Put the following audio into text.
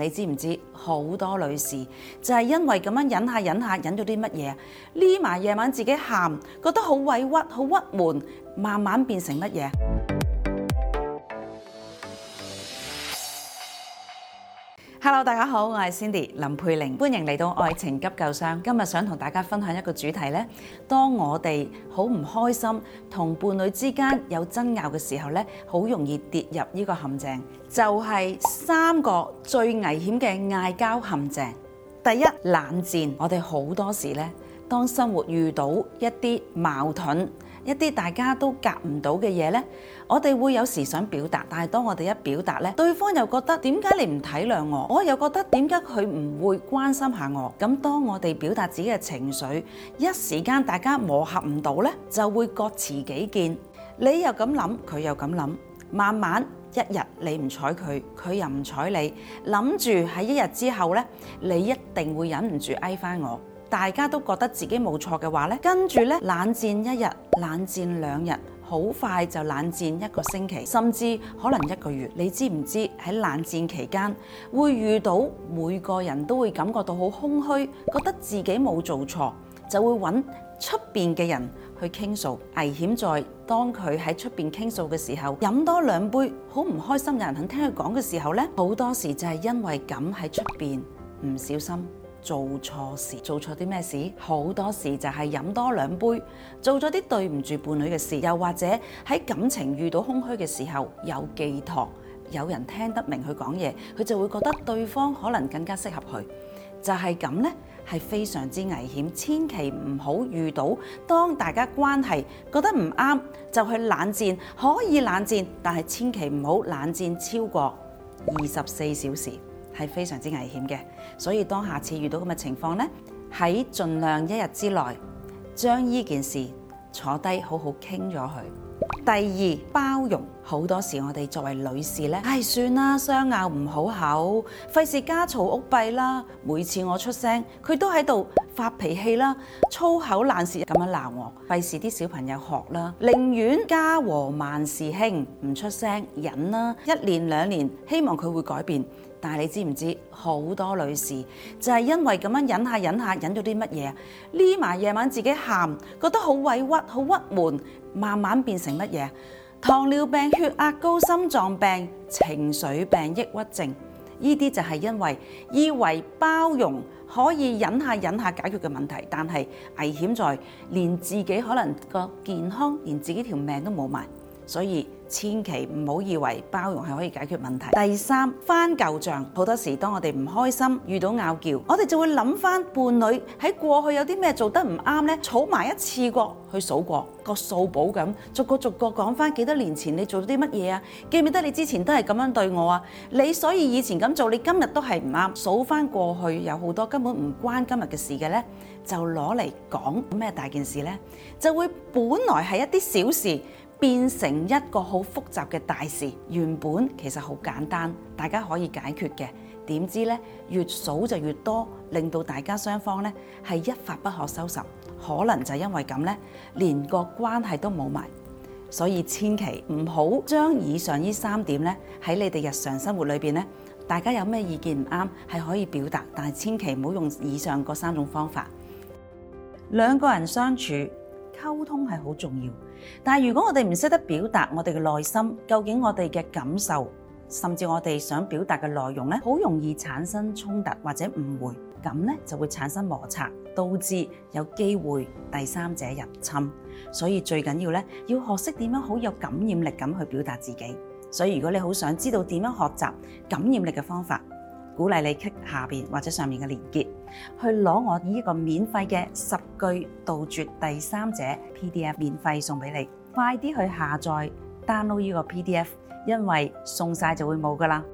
你知唔知好多女士就係因為咁樣，忍下忍下忍咗啲乜嘢？匿埋夜晚自己喊，覺得好委屈、好鬱悶，慢慢變成乜嘢？Hello，大家好，我係 Cindy 林佩玲，歡迎嚟到愛情急救箱。今日想同大家分享一個主題咧，當我哋好唔開心，同伴侶之間有爭拗嘅時候咧，好容易跌入呢個陷阱，就係三個最危險嘅嗌交陷阱。第一，冷戰，我哋好多時咧，當生活遇到一啲矛盾。一啲大家都夾唔到嘅嘢咧，我哋會有時想表達，但係當我哋一表達咧，對方又覺得點解你唔體諒我？我又覺得點解佢唔會關心下我？咁當我哋表達自己嘅情緒，一時間大家磨合唔到咧，就會各持己見。你又咁諗，佢又咁諗，慢慢一日你唔睬佢，佢又唔睬你，諗住喺一日之後咧，你一定會忍唔住嗌翻我。大家都覺得自己冇錯嘅話呢，跟住呢冷戰一日、冷戰兩日，好快就冷戰一個星期，甚至可能一個月。你知唔知喺冷戰期間會遇到每個人都會感覺到好空虛，覺得自己冇做錯，就會揾出邊嘅人去傾訴。危險在當佢喺出邊傾訴嘅時候，飲多兩杯，好唔開心，有人肯聽佢講嘅時候呢，好多時就係因為咁喺出邊唔小心。做錯事，做錯啲咩事？好多事就係飲多兩杯，做咗啲對唔住伴侶嘅事，又或者喺感情遇到空虛嘅時候，有寄託。有人聽得明佢講嘢，佢就會覺得對方可能更加適合佢。就係咁呢，係非常之危險，千祈唔好遇到。當大家關係覺得唔啱，就去冷戰，可以冷戰，但係千祈唔好冷戰超過二十四小時。係非常之危險嘅，所以當下次遇到咁嘅情況呢，喺盡量一日之內將依件事坐低好好傾咗佢。第二，包容，好多時，我哋作為女士呢，唉、哎、算啦，相嗌唔好口，費事家嘈屋閉啦。每次我出聲，佢都喺度發脾氣啦，粗口爛舌咁樣鬧我，費事啲小朋友學啦。寧願家和萬事興，唔出聲忍啦、啊。一年兩年，希望佢會改變。但係你知唔知好多女士就係因為咁樣忍下忍下忍咗啲乜嘢，匿埋夜晚自己喊，覺得好委屈、好鬱悶，慢慢變成乜嘢？糖尿病、血壓高、心臟病、情緒病、抑鬱症，呢啲就係因為以為包容可以忍下忍下解決嘅問題，但係危險在連自己可能個健康，連自己條命都冇埋。所以千祈唔好以為包容係可以解決問題。第三，翻舊帳，好多時當我哋唔開心，遇到拗撬，我哋就會諗翻伴侶喺過去有啲咩做得唔啱呢？儲埋一次過去數過個數簿咁，逐個逐個講翻幾多年前你做咗啲乜嘢啊？記唔記得你之前都係咁樣對我啊？你所以以前咁做，你今日都係唔啱。數翻過去有好多根本唔關今日嘅事嘅呢，就攞嚟講咩大件事呢？就會本來係一啲小事。變成一個好複雜嘅大事，原本其實好簡單，大家可以解決嘅。點知呢？越數就越多，令到大家雙方呢係一發不可收拾。可能就因為咁呢，連個關係都冇埋。所以千祈唔好將以上呢三點呢喺你哋日常生活裏邊呢。大家有咩意見唔啱係可以表達，但係千祈唔好用以上嗰三種方法。兩個人相處。溝通係好重要，但係如果我哋唔識得表達我哋嘅內心，究竟我哋嘅感受，甚至我哋想表達嘅內容呢，好容易產生衝突或者誤會，咁呢就會產生摩擦，導致有機會第三者入侵。所以最緊要呢，要學識點樣好有感染力咁去表達自己。所以如果你好想知道點樣學習感染力嘅方法。鼓勵你 click 下面或者上面嘅連結，去攞我依個免費嘅十句杜絕第三者 PDF 免費送俾你，快啲去下載 download 依個 PDF，因為送晒就會冇噶啦。